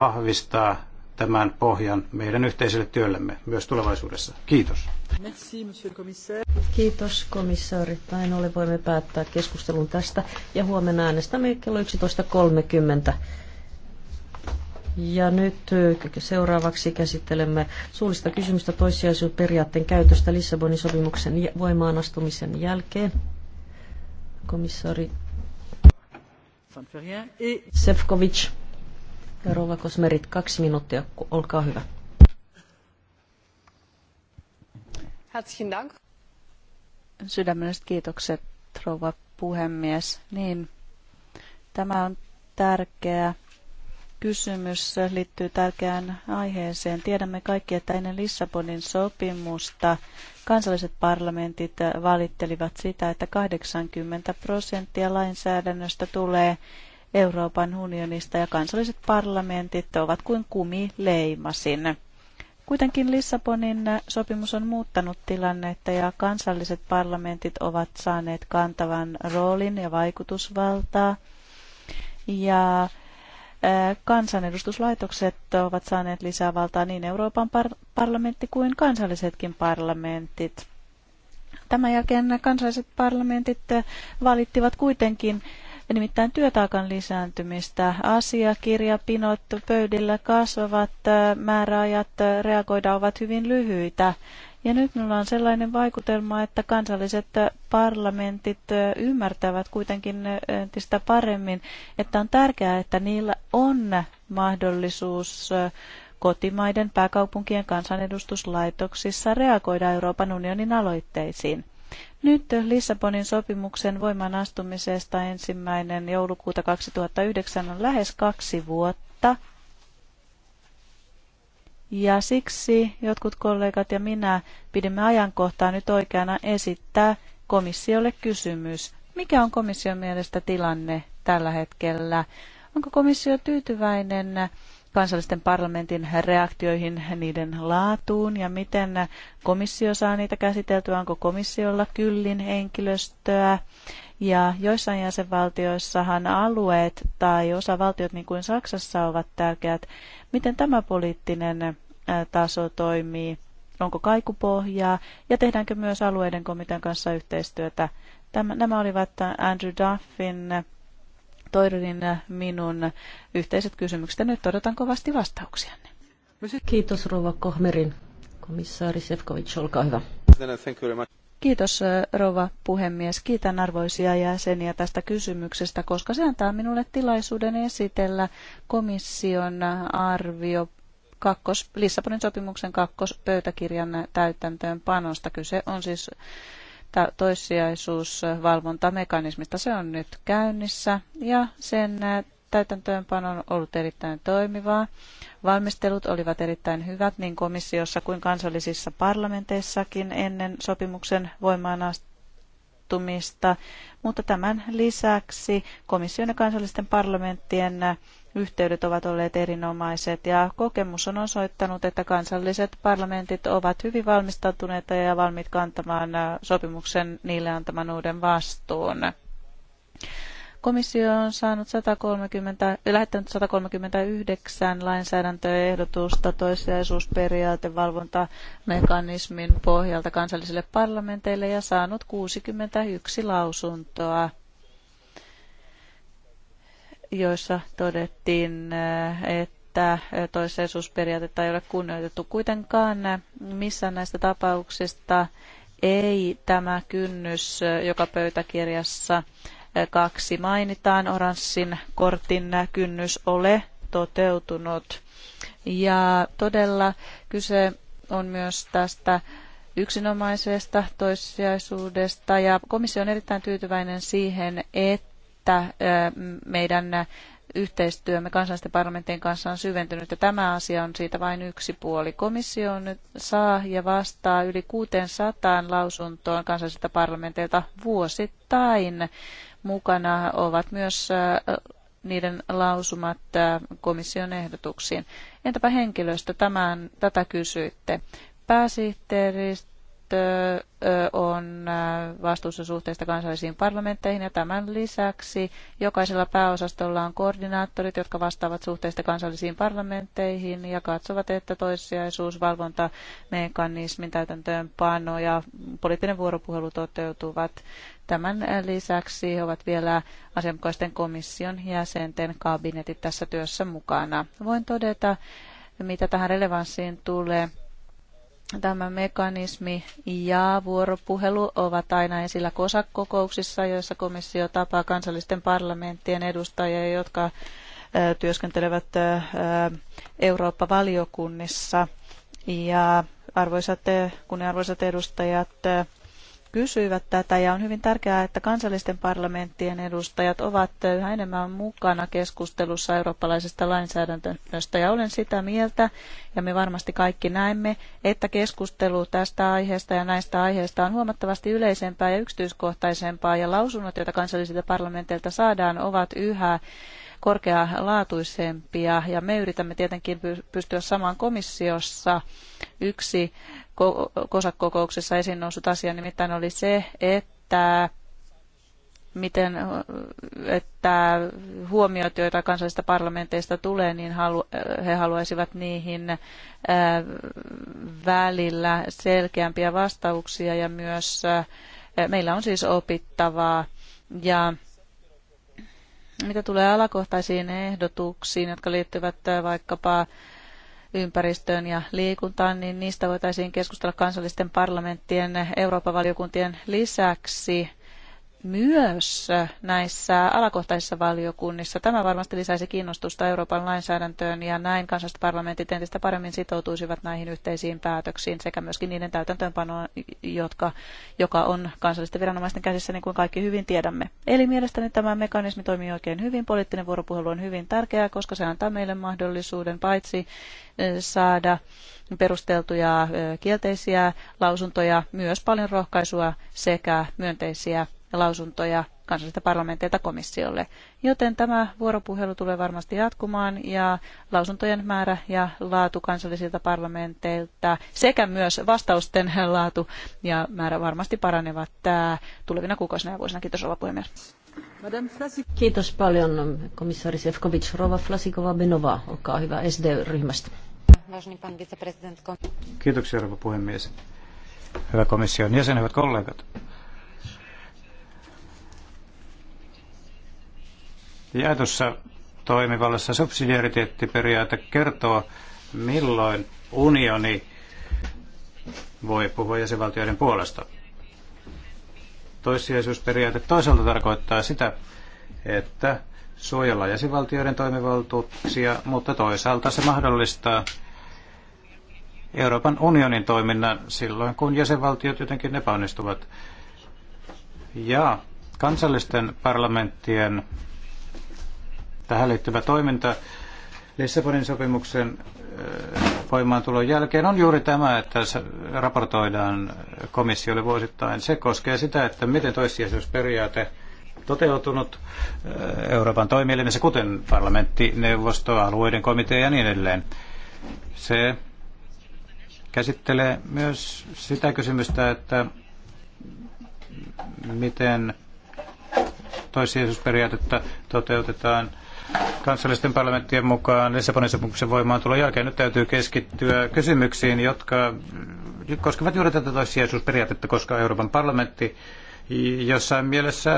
vahvistaa tämän pohjan meidän yhteiselle työllemme myös tulevaisuudessa. Kiitos. Merci, Kiitos komissaari. Näin ollen voimme päättää keskustelun tästä ja huomenna äänestämme kello 11.30. Ja nyt seuraavaksi käsittelemme suullista kysymystä toissijaisuusperiaatteen käytöstä Lissabonin sopimuksen voimaan astumisen jälkeen. Komissaari Sefcovic. Rouva Kosmerit, kaksi minuuttia, olkaa hyvä. Herzlichen Dank. Sydämelliset kiitokset, puhemies. Niin, tämä on tärkeä kysymys liittyy tärkeään aiheeseen. Tiedämme kaikki, että ennen Lissabonin sopimusta kansalliset parlamentit valittelivat sitä, että 80 prosenttia lainsäädännöstä tulee Euroopan unionista ja kansalliset parlamentit ovat kuin kumileimasin. Kuitenkin Lissabonin sopimus on muuttanut tilannetta ja kansalliset parlamentit ovat saaneet kantavan roolin ja vaikutusvaltaa. Ja kansanedustuslaitokset ovat saaneet lisää valtaa niin Euroopan par- parlamentti kuin kansallisetkin parlamentit. Tämän jälkeen kansalliset parlamentit valittivat kuitenkin nimittäin työtaakan lisääntymistä. Asiakirjapinot pöydillä kasvavat, äh, määräajat äh, reagoida ovat hyvin lyhyitä. Ja nyt minulla on sellainen vaikutelma, että kansalliset äh, parlamentit ymmärtävät kuitenkin entistä paremmin, että on tärkeää, että niillä on mahdollisuus kotimaiden pääkaupunkien kansanedustuslaitoksissa reagoida Euroopan unionin aloitteisiin. Nyt Lissabonin sopimuksen voimaan astumisesta ensimmäinen joulukuuta 2009 on lähes kaksi vuotta. Ja siksi jotkut kollegat ja minä pidimme ajankohtaa nyt oikeana esittää komissiolle kysymys. Mikä on komission mielestä tilanne tällä hetkellä? Onko komissio tyytyväinen kansallisten parlamentin reaktioihin, niiden laatuun ja miten komissio saa niitä käsiteltyä, onko komissiolla kyllin henkilöstöä. Ja joissain jäsenvaltioissahan alueet tai osavaltiot, niin kuin Saksassa, ovat tärkeät. Miten tämä poliittinen taso toimii? Onko kaikupohjaa? Ja tehdäänkö myös alueiden komitean kanssa yhteistyötä? Tämä, nämä olivat Andrew Duffin Toirin ja minun yhteiset kysymykset. nyt odotan kovasti vastauksianne. Kiitos Rova Kohmerin. Komissaari Sefkovic, olkaa hyvä. Kiitos rouva puhemies. Kiitän arvoisia jäseniä tästä kysymyksestä, koska se antaa minulle tilaisuuden esitellä komission arvio kakkos, Lissabonin sopimuksen kakkospöytäkirjan täytäntöönpanosta. Kyse on siis toissijaisuusvalvontamekanismista. Se on nyt käynnissä ja sen täytäntöönpano on ollut erittäin toimivaa. Valmistelut olivat erittäin hyvät niin komissiossa kuin kansallisissa parlamenteissakin ennen sopimuksen voimaan puuttumista, mutta tämän lisäksi komission ja kansallisten parlamenttien yhteydet ovat olleet erinomaiset ja kokemus on osoittanut, että kansalliset parlamentit ovat hyvin valmistautuneita ja valmiit kantamaan sopimuksen niille antaman uuden vastuun. Komissio on saanut 130, lähettänyt 139 lainsäädäntöehdotusta toissijaisuusperiaatevalvontamekanismin pohjalta kansallisille parlamenteille ja saanut 61 lausuntoa joissa todettiin, että toissijaisuusperiaatetta ei ole kunnioitettu. Kuitenkaan missään näistä tapauksista ei tämä kynnys, joka pöytäkirjassa kaksi mainitaan, oranssin kortin kynnys ole toteutunut. Ja todella kyse on myös tästä yksinomaisesta toissijaisuudesta ja komissio on erittäin tyytyväinen siihen, että meidän yhteistyömme kansallisten parlamenttien kanssa on syventynyt ja tämä asia on siitä vain yksi puoli. Komissio nyt saa ja vastaa yli 600 lausuntoon kansallisilta parlamenteilta vuosittain. Mukana ovat myös niiden lausumat komission ehdotuksiin. Entäpä henkilöstö? Tämän, tätä kysyitte. Pääsihteeri on vastuussa suhteesta kansallisiin parlamentteihin ja tämän lisäksi jokaisella pääosastolla on koordinaattorit, jotka vastaavat suhteesta kansallisiin parlamentteihin ja katsovat, että toissijaisuusvalvontamekanismin täytäntöönpano ja poliittinen vuoropuhelu toteutuvat. Tämän lisäksi he ovat vielä asianmukaisten komission jäsenten kabinetit tässä työssä mukana. Voin todeta, mitä tähän relevanssiin tulee, tämä mekanismi ja vuoropuhelu ovat aina esillä kosakokouksissa, joissa komissio tapaa kansallisten parlamenttien edustajia, jotka työskentelevät Eurooppa-valiokunnissa. Ja arvoisat, arvoisat edustajat, kysyivät tätä ja on hyvin tärkeää, että kansallisten parlamenttien edustajat ovat yhä enemmän mukana keskustelussa eurooppalaisesta lainsäädännöstä ja olen sitä mieltä ja me varmasti kaikki näemme, että keskustelu tästä aiheesta ja näistä aiheista on huomattavasti yleisempää ja yksityiskohtaisempaa ja lausunnot, joita kansallisilta parlamenteilta saadaan, ovat yhä korkealaatuisempia ja me yritämme tietenkin pystyä samaan komissiossa yksi kosakokouksessa esiin noussut asia nimittäin oli se, että miten, että huomiot, joita kansallisista parlamenteista tulee, niin halu, he haluaisivat niihin ää, äh, välillä selkeämpiä vastauksia ja myös ää, äh, meillä on siis opittavaa ja mitä tulee alakohtaisiin ehdotuksiin, jotka liittyvät äh, vaikkapa ympäristöön ja liikuntaan, niin niistä voitaisiin keskustella kansallisten parlamenttien Euroopan valiokuntien lisäksi myös näissä alakohtaisissa valiokunnissa. Tämä varmasti lisäisi kiinnostusta Euroopan lainsäädäntöön ja näin kansalliset parlamentit entistä paremmin sitoutuisivat näihin yhteisiin päätöksiin sekä myöskin niiden täytäntöönpanoon, jotka, joka on kansallisten viranomaisten käsissä, niin kuin kaikki hyvin tiedämme. Eli mielestäni tämä mekanismi toimii oikein hyvin. Poliittinen vuoropuhelu on hyvin tärkeää, koska se antaa meille mahdollisuuden paitsi saada perusteltuja kielteisiä lausuntoja, myös paljon rohkaisua sekä myönteisiä lausuntoja kansallisilta parlamenteilta komissiolle. Joten tämä vuoropuhelu tulee varmasti jatkumaan ja lausuntojen määrä ja laatu kansallisilta parlamenteilta sekä myös vastausten laatu ja määrä varmasti paranevat äh, tulevina kuukausina ja vuosina. Kiitos rouva puhemies. Kiitos paljon komissaari Sefkovic, Rova Flasikova Benova, olkaa hyvä SD-ryhmästä. Kiitoksia rouva puhemies. Hyvä komission jäsen, hyvät kollegat. jaetussa toimivallassa subsidiariteettiperiaate kertoo, milloin unioni voi puhua jäsenvaltioiden puolesta. Toissijaisuusperiaate toisaalta tarkoittaa sitä, että suojellaan jäsenvaltioiden toimivaltuuksia, mutta toisaalta se mahdollistaa Euroopan unionin toiminnan silloin, kun jäsenvaltiot jotenkin epäonnistuvat. Ja kansallisten parlamenttien Tähän liittyvä toiminta Lissabonin sopimuksen äh, voimaantulon jälkeen on juuri tämä, että raportoidaan komissiolle vuosittain. Se koskee sitä, että miten toissijaisuusperiaate toteutunut äh, Euroopan toimielimissä, kuten parlamentti, neuvosto, alueiden komitea ja niin edelleen. Se käsittelee myös sitä kysymystä, että miten toissijaisuusperiaatetta toteutetaan – kansallisten parlamenttien mukaan Lissabonin sopimuksen voimaantulon jälkeen. Nyt täytyy keskittyä kysymyksiin, jotka koskevat juuri tätä toissijaisuusperiaatetta, koska Euroopan parlamentti jossain mielessä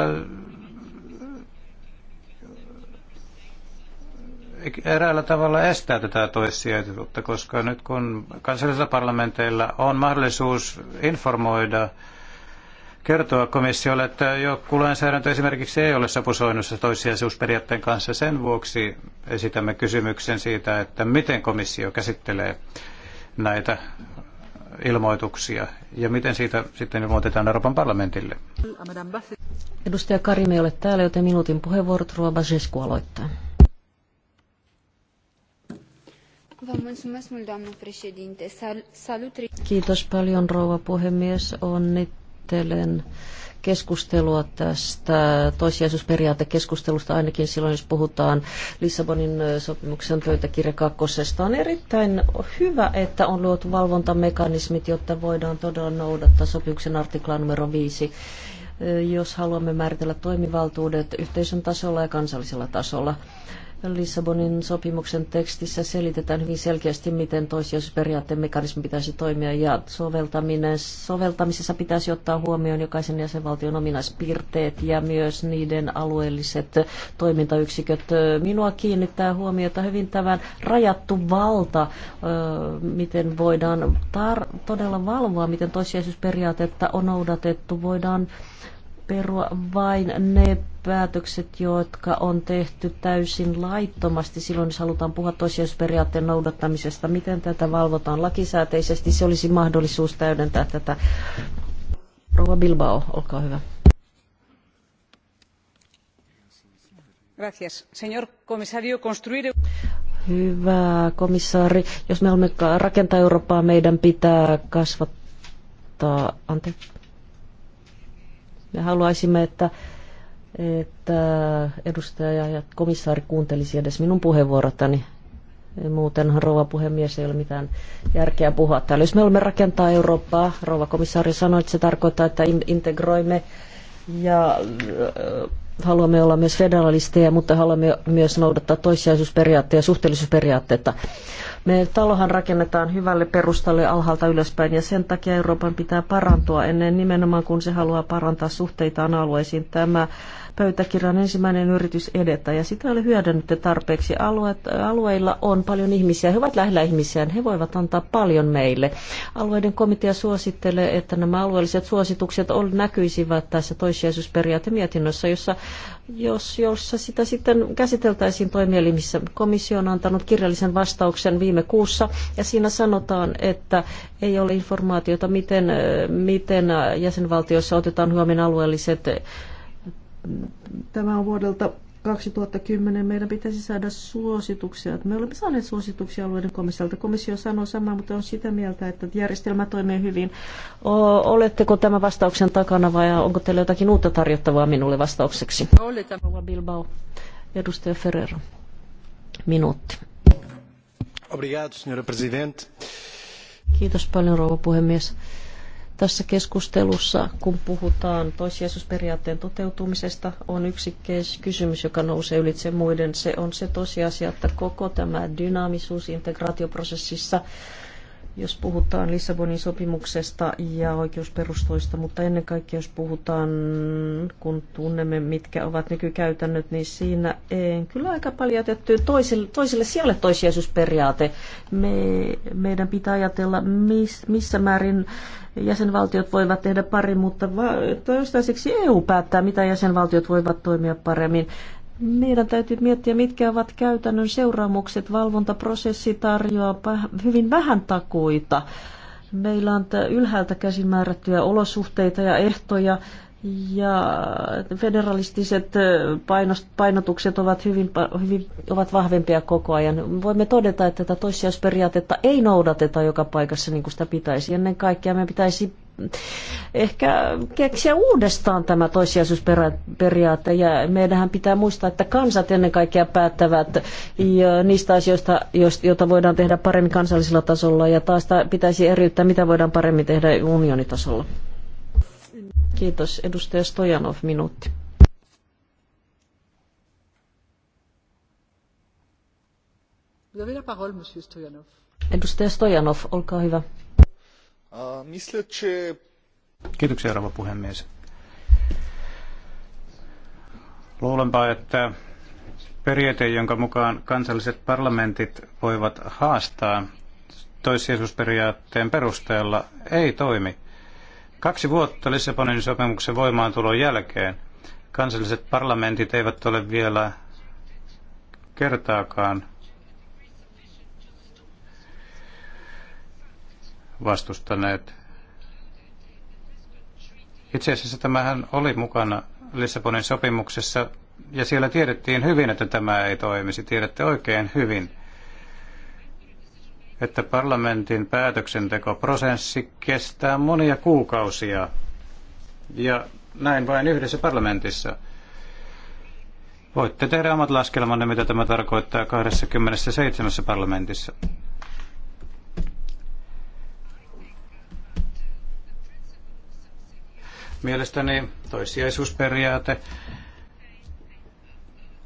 eräällä tavalla estää tätä toissijaisuutta, koska nyt kun kansallisilla parlamenteilla on mahdollisuus informoida kertoa komissiolle, että joku lainsäädäntö esimerkiksi ei ole sopusoinnussa toissijaisuusperiaatteen kanssa. Sen vuoksi esitämme kysymyksen siitä, että miten komissio käsittelee näitä ilmoituksia ja miten siitä sitten ilmoitetaan Euroopan parlamentille. Edustaja Karim ei ole täällä, joten minuutin puheenvuorot aloittaa. Kiitos paljon rouva puhemies. Onnittelut pahoittelen keskustelua tästä toissijaisuusperiaatekeskustelusta, ainakin silloin, jos puhutaan Lissabonin sopimuksen pöytäkirja kakkosesta. On erittäin hyvä, että on luotu valvontamekanismit, jotta voidaan todella noudattaa sopimuksen artikla numero 5 jos haluamme määritellä toimivaltuudet yhteisön tasolla ja kansallisella tasolla. Lissabonin sopimuksen tekstissä selitetään hyvin selkeästi, miten toissijaisuusperiaatteen mekanismi pitäisi toimia ja soveltaminen. soveltamisessa pitäisi ottaa huomioon jokaisen jäsenvaltion valtion ominaispiirteet ja myös niiden alueelliset toimintayksiköt. Minua kiinnittää huomiota hyvin tämän rajattu valta, miten voidaan todella valvoa, miten toissijaisuusperiaatetta on noudatettu, voidaan perua vain ne päätökset, jotka on tehty täysin laittomasti. Silloin, jos halutaan puhua toisiosperiaatteen noudattamisesta, miten tätä valvotaan lakisääteisesti, se olisi mahdollisuus täydentää tätä Rouva Bilbao, olkaa hyvä. Gracias. Señor comisario, construir... E- hyvä komissaari, jos me olemme rakentaa Eurooppaa, meidän pitää kasvattaa, Ante. me haluaisimme, että, että edustaja ja komissaari kuuntelisi edes minun puheenvuorotani. Muuten rouva puhemies ei ole mitään järkeä puhua täällä. Jos me olemme rakentaa Eurooppaa, rouva komissaari sanoi, että se tarkoittaa, että integroimme ja äh, haluamme olla myös federalisteja, mutta haluamme myös noudattaa toissijaisuusperiaatteita ja suhteellisuusperiaatteita. Me talohan rakennetaan hyvälle perustalle alhaalta ylöspäin ja sen takia Euroopan pitää parantua ennen nimenomaan kun se haluaa parantaa suhteitaan alueisiin. Tämä pöytäkirjan ensimmäinen yritys edetä ja sitä oli hyödynnetty tarpeeksi. Alueet, alueilla on paljon ihmisiä, he ovat lähellä ihmisiä, he voivat antaa paljon meille. Alueiden komitea suosittelee, että nämä alueelliset suositukset on, näkyisivät tässä toissijaisuusperiaatemietinnössä, jossa jos, jossa sitä sitten käsiteltäisiin toimielimissä. Komissio on antanut kirjallisen vastauksen viime kuussa ja siinä sanotaan, että ei ole informaatiota, miten, miten jäsenvaltioissa otetaan huomioon alueelliset. Tämä on vuodelta 2010 meidän pitäisi saada suosituksia. Me olemme saaneet suosituksia alueiden komissiolta. Komissio sanoo samaa, mutta on sitä mieltä, että järjestelmä toimii hyvin. oletteko tämän vastauksen takana vai onko teillä jotakin uutta tarjottavaa minulle vastaukseksi? Oletteko Rouva Bilbao, edustaja Ferrero. Minuutti. Obrigado, Kiitos paljon, rouva puhemies. Tässä keskustelussa, kun puhutaan toissijaisuusperiaatteen toteutumisesta, on yksi kysymys, joka nousee ylitse muiden. Se on se tosiasia, että koko tämä dynaamisuus integraatioprosessissa jos puhutaan Lissabonin sopimuksesta ja oikeusperustoista, mutta ennen kaikkea jos puhutaan, kun tunnemme mitkä ovat nykykäytännöt, niin siinä en kyllä aika paljon jätetty toiselle, toiselle sijalle toisjeesusperiaate. Me, meidän pitää ajatella, mis, missä määrin jäsenvaltiot voivat tehdä pari, mutta toistaiseksi EU päättää, mitä jäsenvaltiot voivat toimia paremmin. Meidän täytyy miettiä, mitkä ovat käytännön seuraamukset. Valvontaprosessi tarjoaa hyvin vähän takuita. Meillä on ylhäältä käsin määrättyjä olosuhteita ja ehtoja, ja federalistiset painotukset ovat, hyvin, hyvin, ovat vahvempia koko ajan. Voimme todeta, että tätä toissijaisperiaatetta ei noudateta joka paikassa niin kuin sitä pitäisi. Ennen kaikkea meidän pitäisi ehkä keksiä uudestaan tämä toissijaisuusperiaate. Ja meidän pitää muistaa, että kansat ennen kaikkea päättävät ja niistä asioista, joita voidaan tehdä paremmin kansallisella tasolla. Ja taas pitäisi eriyttää, mitä voidaan paremmin tehdä unionitasolla. Kiitos. Edustaja Stojanov, minuutti. Edustaja Stojanov, olkaa hyvä. Мисля, Kiitoksia, rouva puhemies. Luulenpa, että periaate, jonka mukaan kansalliset parlamentit voivat haastaa toissijaisuusperiaatteen perusteella, ei toimi. Kaksi vuotta Lissabonin sopimuksen voimaantulon jälkeen kansalliset parlamentit eivät ole vielä kertaakaan vastustaneet. Itse asiassa tämähän oli mukana Lissabonin sopimuksessa ja siellä tiedettiin hyvin, että tämä ei toimisi. Tiedätte oikein hyvin, että parlamentin päätöksentekoprosessi kestää monia kuukausia ja näin vain yhdessä parlamentissa. Voitte tehdä omat laskelmanne, mitä tämä tarkoittaa 27 parlamentissa. Mielestäni toissijaisuusperiaate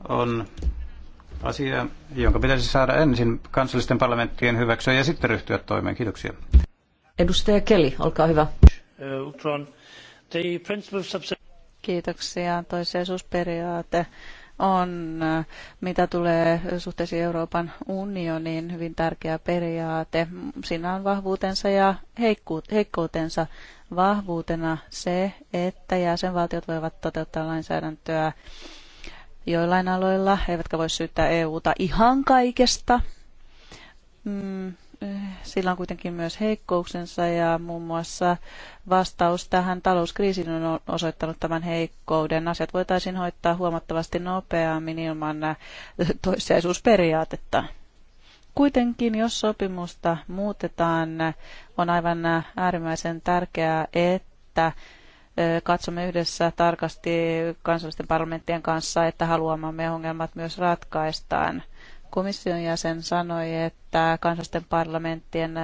on asia, jonka pitäisi saada ensin kansallisten parlamenttien hyväksyä ja sitten ryhtyä toimeen. Kiitoksia. Edustaja Keli, olkaa hyvä. Uh, Kiitoksia. Toissijaisuusperiaate on, mitä tulee suhteisiin Euroopan unioniin, hyvin tärkeä periaate. Siinä on vahvuutensa ja heikkoutensa. Vahvuutena se, että jäsenvaltiot voivat toteuttaa lainsäädäntöä joillain aloilla, eivätkä voi syyttää EUta ihan kaikesta. Mm, sillä on kuitenkin myös heikkouksensa ja muun muassa vastaus tähän talouskriisiin on osoittanut tämän heikkouden. Asiat voitaisiin hoitaa huomattavasti nopeammin ilman äh, toissijaisuusperiaatetta. Kuitenkin, jos sopimusta muutetaan, on aivan äh, äärimmäisen tärkeää, että äh, katsomme yhdessä tarkasti kansallisten parlamenttien kanssa, että haluamamme ongelmat myös ratkaistaan komission jäsen sanoi, että kansallisten parlamenttien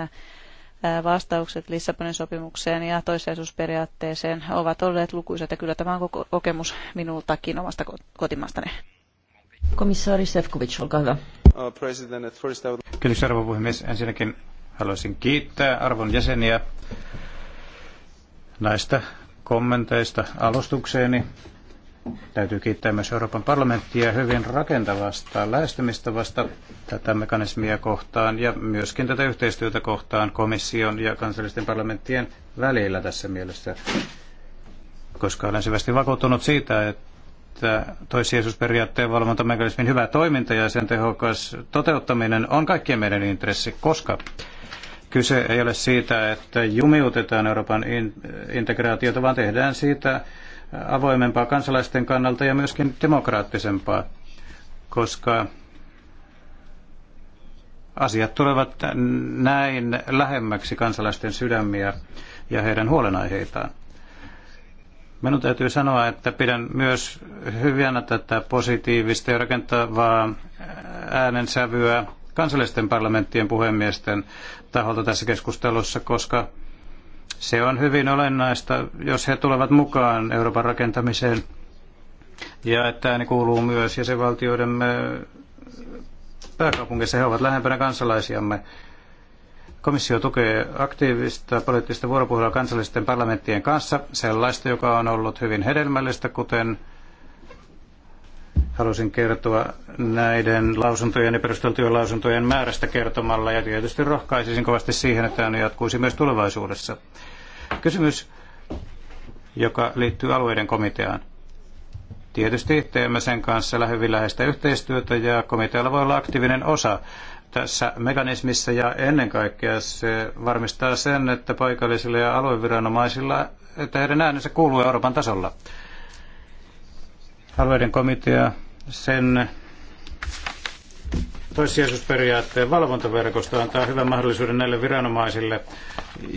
vastaukset Lissabonin sopimukseen ja toissijaisuusperiaatteeseen ovat olleet lukuisat ja kyllä tämä on kokemus minultakin omasta kotimaastani. Komissaari Sefcovic, olkaa hyvä. Uh, Kiitos arvon puhemies. Ensinnäkin haluaisin kiittää arvon jäseniä näistä kommenteista alustukseeni Täytyy kiittää myös Euroopan parlamenttia hyvin rakentavasta lähestymistavasta tätä mekanismia kohtaan ja myöskin tätä yhteistyötä kohtaan komission ja kansallisten parlamenttien välillä tässä mielessä, koska olen syvästi vakuuttunut siitä, että toissijaisuusperiaatteen valvontamekanismin hyvä toiminta ja sen tehokas toteuttaminen on kaikkien meidän intressi, koska kyse ei ole siitä, että jumiutetaan Euroopan integraatiota, vaan tehdään siitä avoimempaa kansalaisten kannalta ja myöskin demokraattisempaa, koska asiat tulevat näin lähemmäksi kansalaisten sydämiä ja heidän huolenaiheitaan. Minun täytyy sanoa, että pidän myös hyvänä tätä positiivista ja rakentavaa äänensävyä kansallisten parlamenttien puhemiesten taholta tässä keskustelussa, koska se on hyvin olennaista, jos he tulevat mukaan Euroopan rakentamiseen ja että ne kuuluu myös jäsenvaltioidemme pääkaupungissa. He ovat lähempänä kansalaisiamme. Komissio tukee aktiivista poliittista vuoropuhelua kansallisten parlamenttien kanssa, sellaista, joka on ollut hyvin hedelmällistä, kuten Halusin kertoa näiden lausuntojen ja perusteltujen lausuntojen määrästä kertomalla ja tietysti rohkaisisin kovasti siihen, että ne jatkuisi myös tulevaisuudessa. Kysymys, joka liittyy alueiden komiteaan. Tietysti teemme sen kanssa hyvin läheistä yhteistyötä ja komitealla voi olla aktiivinen osa tässä mekanismissa ja ennen kaikkea se varmistaa sen, että paikallisilla ja alueviranomaisilla, että heidän äänensä kuuluu Euroopan tasolla. Alueiden komitea sen toissijaisuusperiaatteen valvontaverkosto antaa hyvän mahdollisuuden näille viranomaisille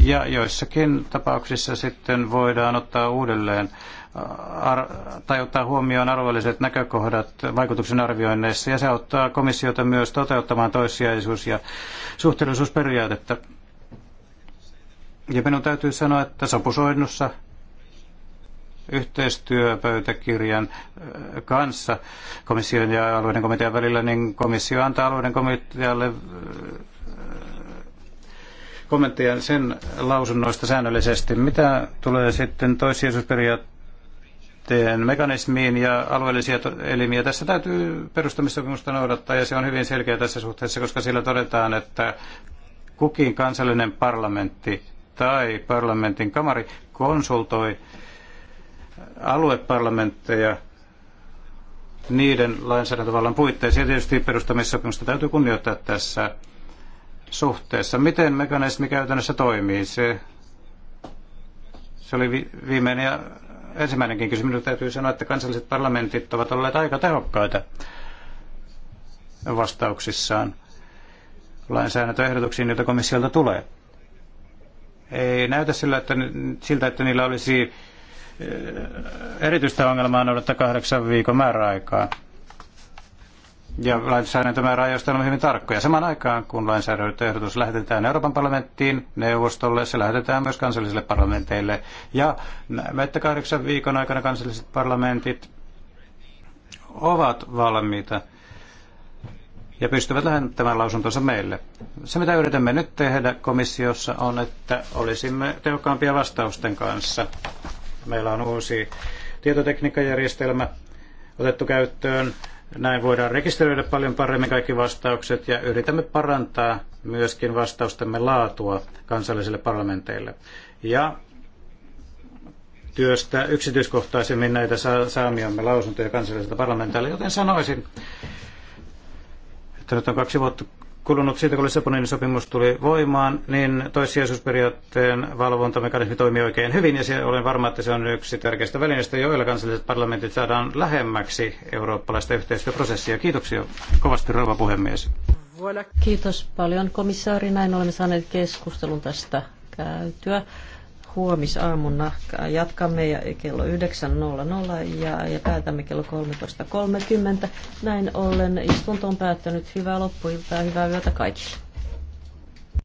ja joissakin tapauksissa sitten voidaan ottaa uudelleen äh, tai ottaa huomioon alueelliset näkökohdat vaikutuksen arvioinneissa ja se auttaa komissiota myös toteuttamaan toissijaisuus- ja suhteellisuusperiaatetta. Ja minun täytyy sanoa, että sopusoinnussa yhteistyöpöytäkirjan äh, kanssa komission ja alueiden komitean välillä, niin komissio antaa alueiden komitealle äh, kommentteja sen lausunnoista säännöllisesti. Mitä tulee sitten toissijaisuusperiaatteen mekanismiin ja alueellisia elimiä? Tässä täytyy perustamissopimusta noudattaa ja se on hyvin selkeä tässä suhteessa, koska sillä todetaan, että kukin kansallinen parlamentti tai parlamentin kamari konsultoi alueparlamentteja niiden lainsäädäntövallan puitteissa. Ja tietysti perustamissopimusta täytyy kunnioittaa tässä suhteessa. Miten mekanismi käytännössä toimii? Se, se oli viimeinen ja ensimmäinenkin kysymys. Täytyy sanoa, että kansalliset parlamentit ovat olleet aika tehokkaita vastauksissaan lainsäädäntöehdotuksiin, joita komissiolta tulee. Ei näytä sillä, että, siltä, että niillä olisi erityistä ongelmaa noudattaa kahdeksan viikon määräaikaa. Ja lainsäädäntömääräajoista olemme hyvin tarkkoja. Samaan aikaan, kun lainsäädäntöehdotus lähetetään Euroopan parlamenttiin, neuvostolle, se lähetetään myös kansallisille parlamenteille. Ja näemme, että kahdeksan viikon aikana kansalliset parlamentit ovat valmiita ja pystyvät lähettämään lausuntonsa meille. Se, mitä yritämme nyt tehdä komissiossa, on, että olisimme tehokkaampia vastausten kanssa Meillä on uusi tietotekniikkajärjestelmä otettu käyttöön. Näin voidaan rekisteröidä paljon paremmin kaikki vastaukset ja yritämme parantaa myöskin vastaustemme laatua kansallisille parlamenteille. Ja työstä yksityiskohtaisemmin näitä saamiamme lausuntoja kansallisilta parlamenteille, joten sanoisin, että nyt on kaksi vuotta kulunut siitä, kun Lissabonin sopimus tuli voimaan, niin toissijaisuusperiaatteen valvontamekanismi toimii oikein hyvin, ja olen varma, että se on yksi tärkeistä välineistä, joilla kansalliset parlamentit saadaan lähemmäksi eurooppalaista yhteistyöprosessia. Kiitoksia kovasti, rouva puhemies. Kiitos paljon komissaari. Näin olemme saaneet keskustelun tästä käytyä nahkaa. jatkamme ja kello 9.00 ja, ja päätämme kello 13.30. Näin ollen istunto on päättynyt. Hyvää loppuiltaa, hyvää yötä kaikille.